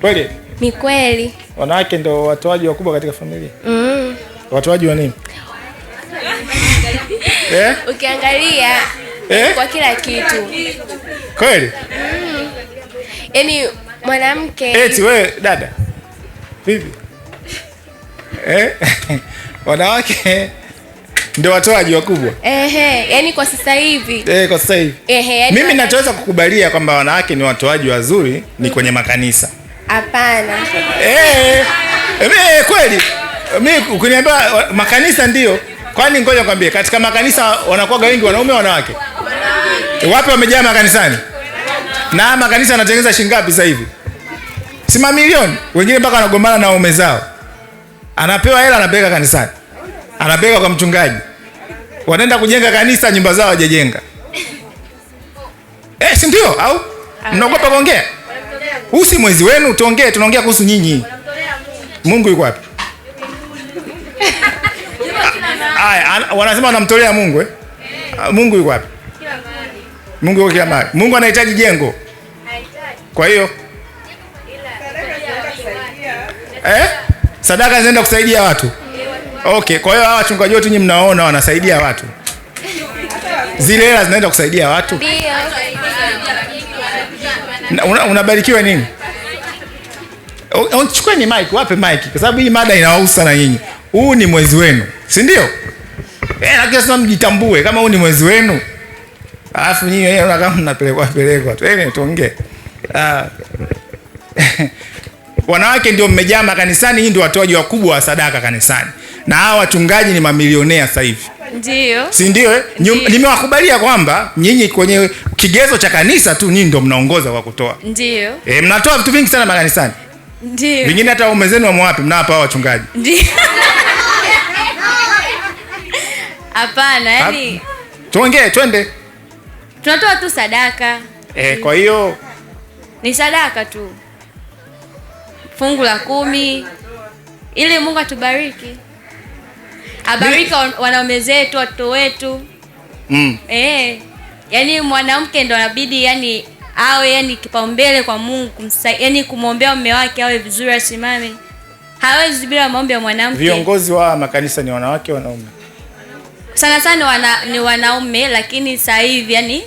Kweli? Ni kweli. Wanawake ndio watoaji wakubwa katika familia. Mm. Watoaji wa nini? Eh? Ukiangalia eh? Kwa kila kitu. Kweli? Mm. Yaani mwanamke Eti wewe dada. Vipi? Eh? Wanawake ndio watoaji wakubwa. Ehe, yani kwa sasa hivi. Eh, kwa sasa hivi. Ehe, yani mimi natoweza kukubalia kwamba wanawake ni watoaji wazuri ni kwenye makanisa. Hapana. Eh, eh, eh kweli mimi ukiniambia makanisa ndio. Kwani ngoja nikwambie, katika makanisa wanakuwaga wengi wanaume wanawake? Wapi wamejaa makanisani? Na makanisa yanatengeneza shingapi sasa hivi? Si mamilioni. Wengine mpaka wanagombana na waume zao. Anapewa hela anapeleka kanisani. Anapeleka kwa mchungaji. Wanaenda kujenga kanisa, nyumba zao hawajajenga. Eh, si ndio? Au mnaogopa kuongea? Huu si mwezi wenu, tuongee, tunaongea kuhusu nyinyi. Mungu yuko wapi? Aya, wanasema wanamtolea Mungu eh? eh. Mungu yuko wapi? Mungu yuko kila mahali. Mungu anahitaji jengo. Kwa hiyo eh? Sadaka zinaenda kusaidia eh, watu. Okay, kwa hiyo hawa wachungaji wote nyinyi mnaona wanasaidia watu. Zile hela zinaenda kusaidia watu. Ndio unabarikiwa una nini? Chukueni mic, wape mik kwa sababu hii mada inawahusa na nyinyi. Huu ni mwezi wenu, si ndio? Eh, lakini sasa mjitambue kama huu ni mwezi wenu. Alafu nyinyi wenyewe kama mnapelekwa pelekwa eh, tuongee. Ah. Wanawake ndio mmejaa makanisani, hii ndio watoaji wakubwa wa sadaka kanisani. Na hawa wachungaji ni mamilionea sasa hivi. Ndio. Si ndio eh? Nimewakubalia kwamba nyinyi kwenye kigezo cha kanisa tu nyinyi ndio mnaongoza kwa kutoa. Ndio. Eh, mnatoa vitu vingi sana makanisani. Ndio. Vingine hata waume zenu wamewapi mnawapa hao wachungaji. Ndio. Hapana, yani tuongee, twende. Tunatoa tu sadaka. Eh, kwa hiyo ni sadaka tu. Fungu la kumi ili Mungu atubariki abariki wanaume zetu, watoto wetu mm. E, yani mwanamke ndo anabidi yani awe yani kipaumbele kwa Mungu yani kumwombea mume wake awe vizuri, asimame, hawezi bila maombi ya mwanamke. Viongozi wa makanisa ni wanawake, wanaume sana sana wana, ni wanaume, lakini sasa hivi yani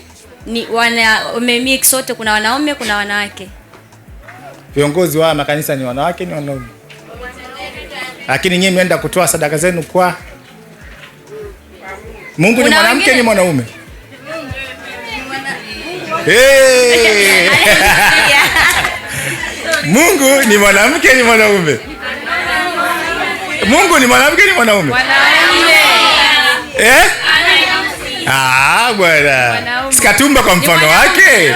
ni wanaume mix sote, kuna wanaume kuna wanawake. Viongozi wa makanisa ni wanawake, ni wanaume, lakini nyinyi mnaenda kutoa sadaka zenu kwa Mungu ni mwanamke ni mwanaume? Mungu ni mwanamke ni mwanaume? Mungu ni mwanamke ni eh? mwanaume? Ah, bwana. Sikatumba kwa mfano wake.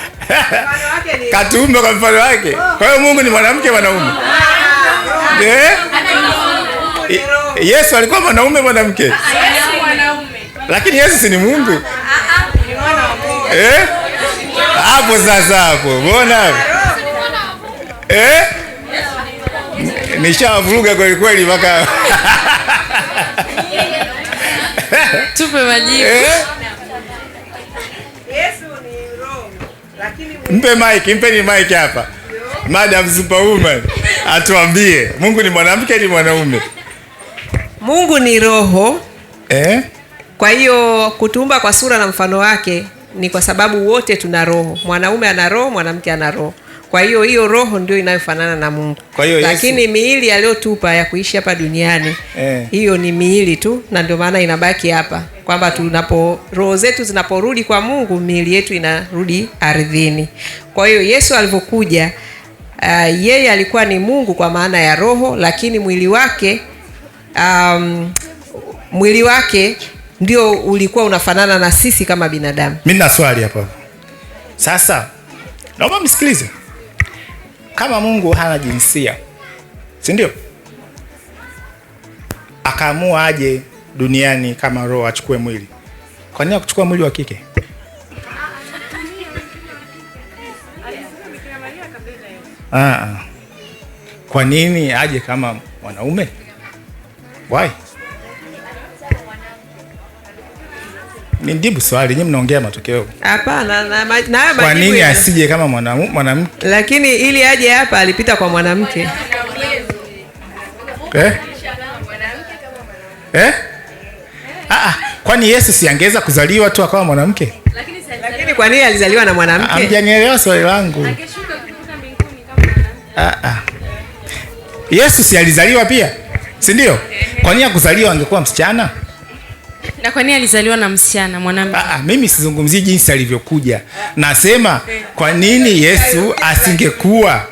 Katumba kwa mfano wake. Kwa hiyo Mungu ni mwanamke mwanaume? Ah. Eh? Yesu alikuwa mwanaume mwanamke? Ah, ah, lakini Yesu si ni Mungu? Ah, eh? Hapo sasa hapo. mbona Eh? Nishawavuruga kweli kweli mpaka tupe majibu. Eh? Yesu ni roho. Lakini mpe mic, mpeni mic hapa. Madam Superwoman atuambie Mungu ni mwanamke ni mwanaume? Mungu ni roho eh? Kwa hiyo kutumba kwa sura na mfano wake ni kwa sababu wote tuna roho, mwanaume ana roho, mwanamke ana roho. Kwa hiyo hiyo roho ndio inayofanana na Mungu. Kwa hiyo lakini miili aliyotupa ya kuishi hapa duniani eh. hiyo eh, ni miili tu, na ndio maana inabaki hapa kwamba tunapo roho zetu zinaporudi kwa Mungu, miili yetu inarudi ardhini. Kwa hiyo Yesu alivyokuja, uh, yeye alikuwa ni Mungu kwa maana ya roho, lakini mwili wake um, mwili wake ndio ulikuwa unafanana na sisi kama binadamu. Mimi na swali hapa sasa, naomba msikilize. Kama Mungu hana jinsia, si ndio? Akaamua aje duniani kama roho achukue mwili, kwa nini akuchukua mwili wa kike? Ah, ah. kwa nini aje kama mwanaume? Why? Ni Nijibu swali, nyinyi mnaongea matokeo. Hapana, na na hayo majibu. Kwa nini asije kama mwanamke? Lakini ili aje hapa alipita kwa mwanamke. Eh? Eh? Ah ah, kwani Yesu si angeweza kuzaliwa tu akawa mwanamke? Lakini lakini kwa nini alizaliwa na mwanamke? Hamjanielewa swali langu. Akishuka kutoka mbinguni kama mwanamke. Ah ah. Yesu si alizaliwa pia? si ndio? Kwa nini akuzaliwa angekuwa msichana? Na kwa nini alizaliwa na msichana mwanamke? Ah, ah, mimi sizungumzii jinsi alivyokuja, nasema kwa nini Yesu asingekuwa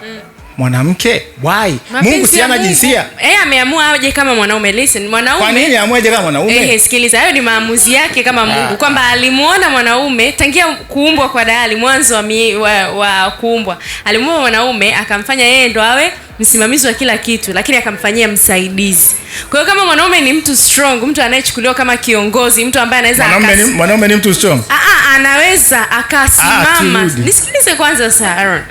mwanamke why? Mungu si ana jinsia eh, ameamua aje kama mwanaume. Listen, mwanaume kwa nini aje kama mwanaume? Eh, sikiliza, hayo ni maamuzi yake kama Mungu, ah. kwamba alimuona mwanaume tangia kuumbwa kwa dayali mwanzo wa, wa, wa kuumbwa alimuona mwanaume akamfanya yeye ndo awe msimamizi wa kila kitu, lakini akamfanyia msaidizi. Kwa hiyo kama mwanaume ni mtu strong, mtu anayechukuliwa kama kiongozi, mtu ambaye anaweza mwanaume ni, mwanaume ni mtu strong, a ah, a ah, anaweza akasimama. Nisikilize kwanza sasa Aaron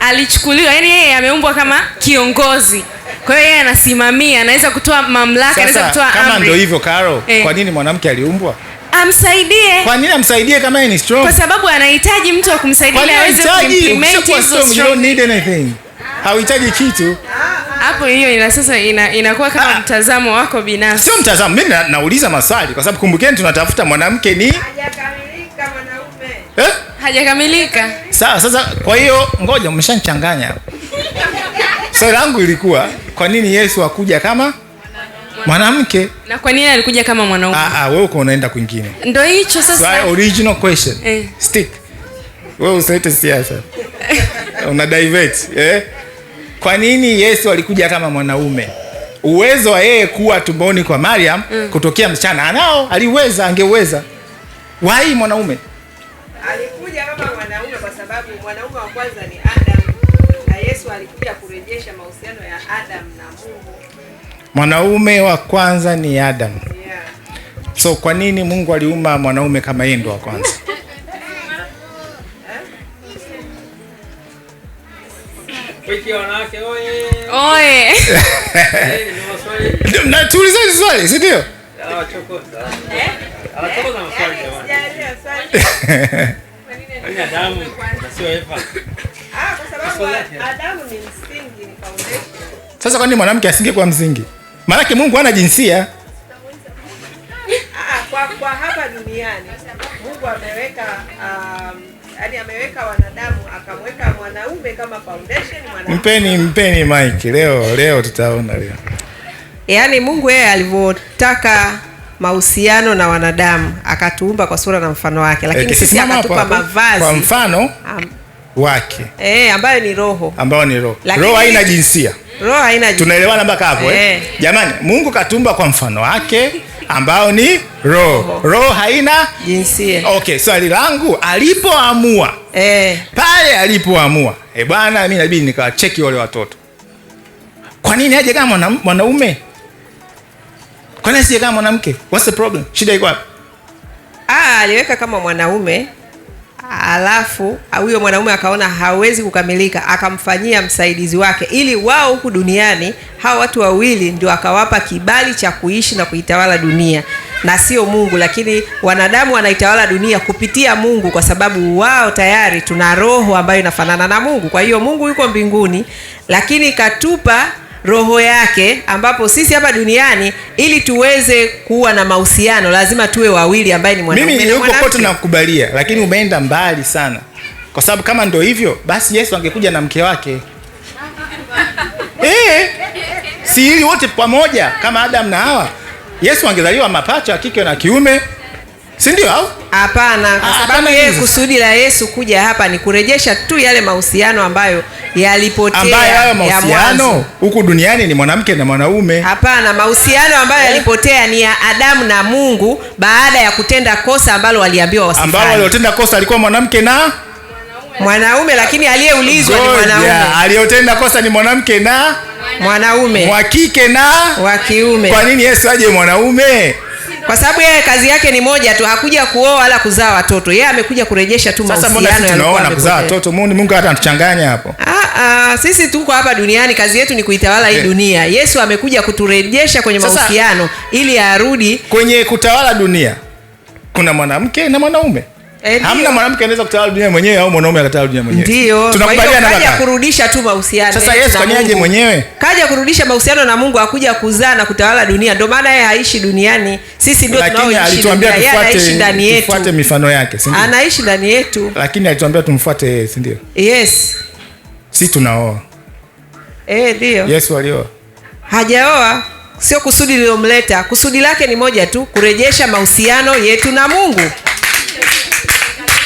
alichukuliwa, yani yeye ameumbwa kama kiongozi, kwa hiyo yeye anasimamia, anaweza kutoa mamlaka, anaweza kutoa amri. Kama ndio hivyo Karo, eh, kwa nini mwanamke aliumbwa? Amsaidie. Kwa nini amsaidie kama yeye ni strong? Kwa sababu anahitaji mtu wa kumsaidia ili aweze kuimplement hizo strong. You don't need anything. Hauhitaji kitu. Hapo hiyo ina sasa ina, inakuwa kama ah, mtazamo wako binafsi. Sio mtazamo. Mimi nauliza maswali kwa sababu kumbukeni tunatafuta mwanamke ni hajakamilika. Sawa, sasa kwa hiyo ngoja, umeshanchanganya Swali so, langu ilikuwa kwa nini Yesu akuja kama mwanamke na kwa nini alikuja kama mwanaume? Ah, ah, wewe uko unaenda kwingine. Ndio hicho sasa. So, original question. Eh. Stick. Wewe usilete siasa. Una divert, eh? Kwa nini Yesu alikuja kama mwanaume? Uwezo wa yeye kuwa tumboni kwa Mariam mm. kutokea msichana anao, aliweza, angeweza. Why mwanaume? sababu mwanaume wa kwanza ni Adam na Yesu alikuja kurejesha mahusiano ya Adam na Mungu. Mwanaume wa kwanza ni Adam, yeah. So kwa nini Mungu aliumba mwanaume kama yeye ndo wa kwanza? Na tuulizeni swali, si ndio? Ah, Adamu sio Eva. Ah, kwa sababu Adamu ni msingi, ni foundation. Sasa kwa nini mwanamke kuwa msingi? Maanake Mungu hana jinsia. Ah, ah, kwa kwa hapa duniani Mungu ameweka um, yaani ameweka wanadamu akamweka mwanaume kama foundation mwanamke. Mpeni mpeni mic leo leo tutaona leo. Yaani Mungu yeye alivyotaka mahusiano na wanadamu, akatuumba kwa sura na mfano wake, lakini e, sisi akatupa mavazi kwa mfano wake eh, ambayo ni roho, ambayo ni roho. Roho haina jinsia, roho haina jinsia. Tunaelewana mpaka hapo eh? eh? Jamani, Mungu katumba kwa mfano wake ambao ni roho. Roho haina jinsia. Okay, swali so langu alipoamua eh, pale alipoamua e, bwana, mimi inabidi nikawacheki wale watoto. Kwa nini aje kama mwanaume? Kwa kama mwanamke? What's the problem? Shida iko wapi? Ah, aliweka kama mwanaume alafu ah, huyo mwanaume akaona hawezi kukamilika, akamfanyia msaidizi wake, ili wao huku duniani hawa watu wawili ndio akawapa kibali cha kuishi na kuitawala dunia na sio Mungu. Lakini wanadamu wanaitawala dunia kupitia Mungu, kwa sababu wao tayari tuna roho ambayo inafanana na Mungu. Kwa hiyo Mungu yuko mbinguni, lakini katupa roho yake, ambapo sisi hapa duniani ili tuweze kuwa na mahusiano lazima tuwe wawili, ambaye ni mwanamume na mwanamke. Mimi kote nakubalia, lakini umeenda mbali sana, kwa sababu kama ndio hivyo basi Yesu angekuja na mke wake eh, si ili wote pamoja kama Adam na Hawa, Yesu angezaliwa mapacha wa kike na kiume, si ndio? Au hapana? Kwa ah, sababu yeye kusudi la Yesu kuja hapa ni kurejesha tu yale mahusiano ambayo yalipotea, ambaye hayo mahusiano huku duniani ni mwanamke na mwanaume. Hapana, mahusiano ambayo eh? yalipotea ni ya Adamu na Mungu baada ya kutenda kosa ambalo waliambiwa wasifanye, ambao waliotenda kosa alikuwa mwanamke na mwanaume, lakini aliyeulizwa ni mwanaume. Aliyotenda kosa ni mwanamke na mwanaume, wa kike na wa kiume. Kwa nini Yesu aje mwanaume? kwa sababu yeye kazi yake ni moja tu, hakuja kuoa wala kuzaa watoto. Yeye amekuja kurejesha tu mahusiano yanayoona kuzaa watoto. Mungu Mungu hata anatuchanganya hapo. Ah ah, sisi tuko hapa duniani, kazi yetu ni kuitawala hii eh. dunia. Yesu amekuja kuturejesha kwenye mahusiano ili arudi kwenye kutawala dunia. Kuna mwanamke na mwanaume Eh, Hamna mwanamke anaweza kutawala dunia mwenyewe au mwanaume akatawala dunia mwenyewe. Ndio. Tunakubaliana kaja kurudisha tu mahusiano. Sasa Yesu kanyaje mwenyewe? Kaja kurudisha mahusiano na Mungu akuja kuzaa na kutawala dunia. Ndio maana yeye haishi duniani. Sisi ndio tunaoishi. Lakini alituambia tufuate tufuate mifano yake, si ndio? Anaishi ndani yetu. Lakini alituambia tumfuate yeye, si ndio? Yes. Sisi tunaoa. Eh, ndio. Yesu alioa. Hajaoa. Sio kusudi lilomleta. Kusudi lake ni moja tu, kurejesha mahusiano yetu na Mungu.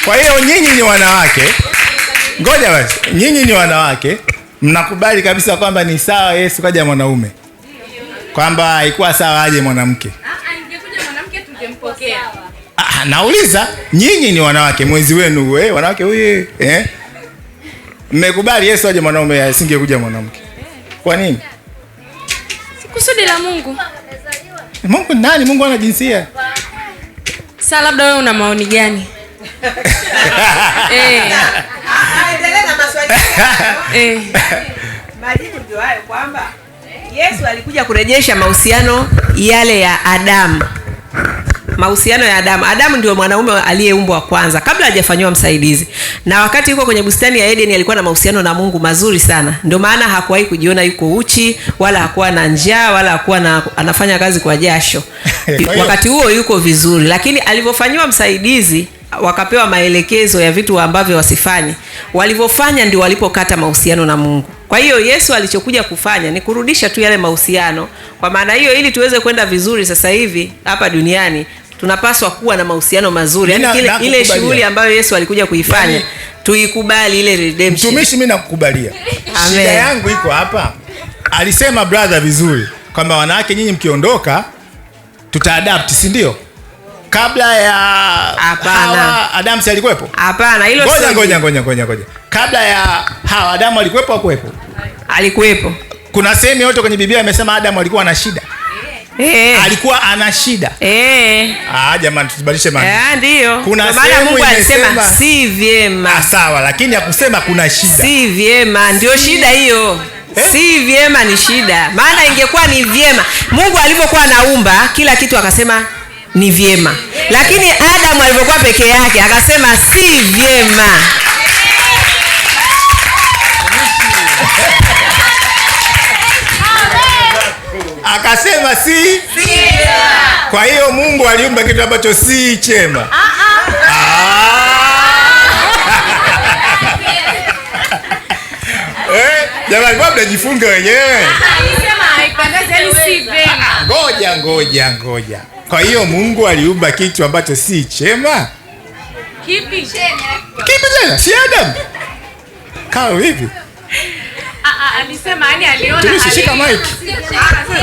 Kwa hiyo nyinyi ni wanawake, ngoja basi, nyinyi ni wanawake, mnakubali kabisa kwamba ni sawa Yesu kaja mwanaume, kwamba haikuwa sawa aje mwanamke? Ah, ah, ah, ah nauliza nyinyi ni wanawake, mwezi wenu we, eh, wanawake huye, eh? Mmekubali Yesu aje mwanaume, asingekuja mwanamke kwa nini? Kusudi la Mungu. Mungu nani? Mungu ana jinsia. Sasa labda wewe una maoni gani? Eh. Eh. aendelee ah, ah, na maswali eh. majibu ndio hayo kwamba Yesu alikuja kurejesha mahusiano yale ya Adamu, mahusiano ya Adamu. Adamu ndio mwanaume aliyeumbwa kwanza kabla hajafanyiwa msaidizi, na wakati yuko kwenye bustani ya Edeni alikuwa na mahusiano na Mungu mazuri sana, ndio maana hakuwahi kujiona yuko uchi wala hakuwa na njaa wala hakuwa na, anafanya kazi kwa jasho wakati huo yuko vizuri, lakini alivyofanyiwa msaidizi wakapewa maelekezo ya vitu ambavyo wasifanye. Walivyofanya ndio walipokata mahusiano na Mungu. Kwa hiyo Yesu alichokuja kufanya ni kurudisha tu yale mahusiano. Kwa maana hiyo, ili tuweze kwenda vizuri sasa hivi hapa duniani tunapaswa kuwa na mahusiano mazuri, yani ile, ile shughuli ambayo Yesu alikuja kuifanya yani, tuikubali ile redemption. Mtumishi, mimi nakukubalia, shida yangu iko hapa. Alisema brother vizuri kwamba wanawake, nyinyi mkiondoka tutaadapt, si ndio? kabla ya Hawa Adamu si alikuwepo? Hapana, hilo ngoja ngoja ngoja ngoja ngoja. Kabla ya Hawa Adamu alikuwepo hakuwepo? Alikuwepo. Kuna sehemu yote kwenye Biblia imesema Adamu alikuwa na shida. Hey. Eh. Eh. Alikuwa ana shida. Hey. Eh. Ah, jamani tusibadilishe mambo. Eh, ndio. Kuna maana Mungu alisema si vyema. Ah, sawa, lakini hakusema kuna shida. Si vyema, ndio shida hiyo. Eh? Si vyema ni shida, maana ingekuwa ni vyema. Mungu alipokuwa anaumba kila kitu akasema ni vyema, lakini Adamu alivyokuwa peke yake akasema si vyema. Akasema si, Kwa hiyo Mungu aliumba kitu ambacho si chema. Ah, ah. Ah. Eh, jamani, mnajifunga wenyewe. Yaani ngoja ngoja ngoja. Kwa hiyo Mungu aliumba kitu ambacho si chema. Kipi chema? Kipi chema? Si Adam. Kama vipi? Alisema yani aliona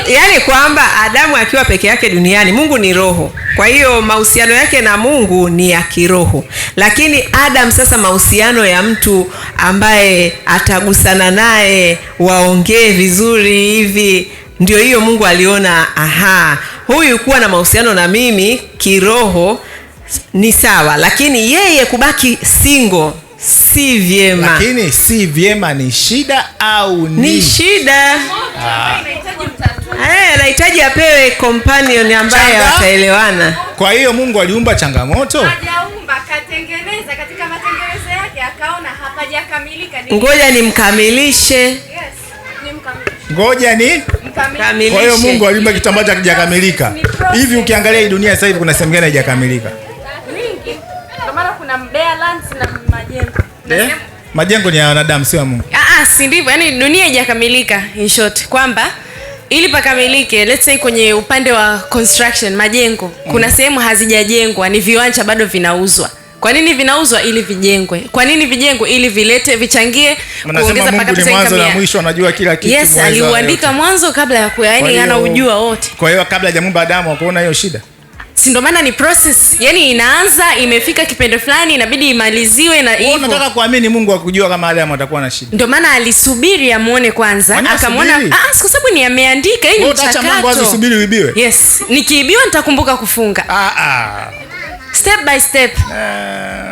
Yaani kwamba Adamu akiwa peke yake duniani, Mungu ni roho. Kwa hiyo mahusiano yake na Mungu ni ya kiroho, lakini Adam sasa, mahusiano ya mtu ambaye atagusana naye waongee vizuri hivi, ndio hiyo Mungu aliona aha, huyu kuwa na mahusiano na mimi kiroho ni sawa, lakini yeye kubaki singo si vyema. Lakini si vyema ni shida au ni, ni shida anahitaji eh, ah, apewe companion ambaye wataelewana. Kwa hiyo Mungu aliumba changamoto, hajaumba katengeneza, katika matengenezo yake akaona hapajakamilika, ngoja nimkamilishe. Yes, nimkamilishe Ngoja ni kamilishe. Kwa hiyo Mungu aliumba kitu ambacho hakijakamilika. Hivi ukiangalia hii dunia sasa hivi kuna sehemu gani haijakamilika? Mingi. Kwa maana kuna bare lands na majengo. Eh? Majengo ni ya wanadamu sio ya Mungu. Ah ah, si ndivyo. Yaani dunia haijakamilika in short kwamba ili pakamilike, let's say kwenye upande wa construction majengo, kuna mm. sehemu hazijajengwa, ni viwanja bado vinauzwa. Kwa nini vinauzwa? Ili vijengwe. Kwa nini vijengwe? Ili vilete, vichangie kuongeza mapato ya mwanzo na mwisho, anajua kila kitu. Yes, aliuandika mwanzo kabla ya kuwa, yani anaujua wote. Kwa hiyo kabla hajamuumba Adamu akaona hiyo shida si ndo maana ni process, yani inaanza, imefika kipindi fulani inabidi imaliziwe. Na hivyo nataka kuamini Mungu akujua kama Adamu atakuwa na shida, ndio maana alisubiri amuone kwanza, akamwona. Ah, kwa sababu ni ameandika hii, ni mchakato. Acha Mungu azisubiri uibiwe? Yes, nikiibiwa nitakumbuka kufunga. Ah ah step by step. Eh.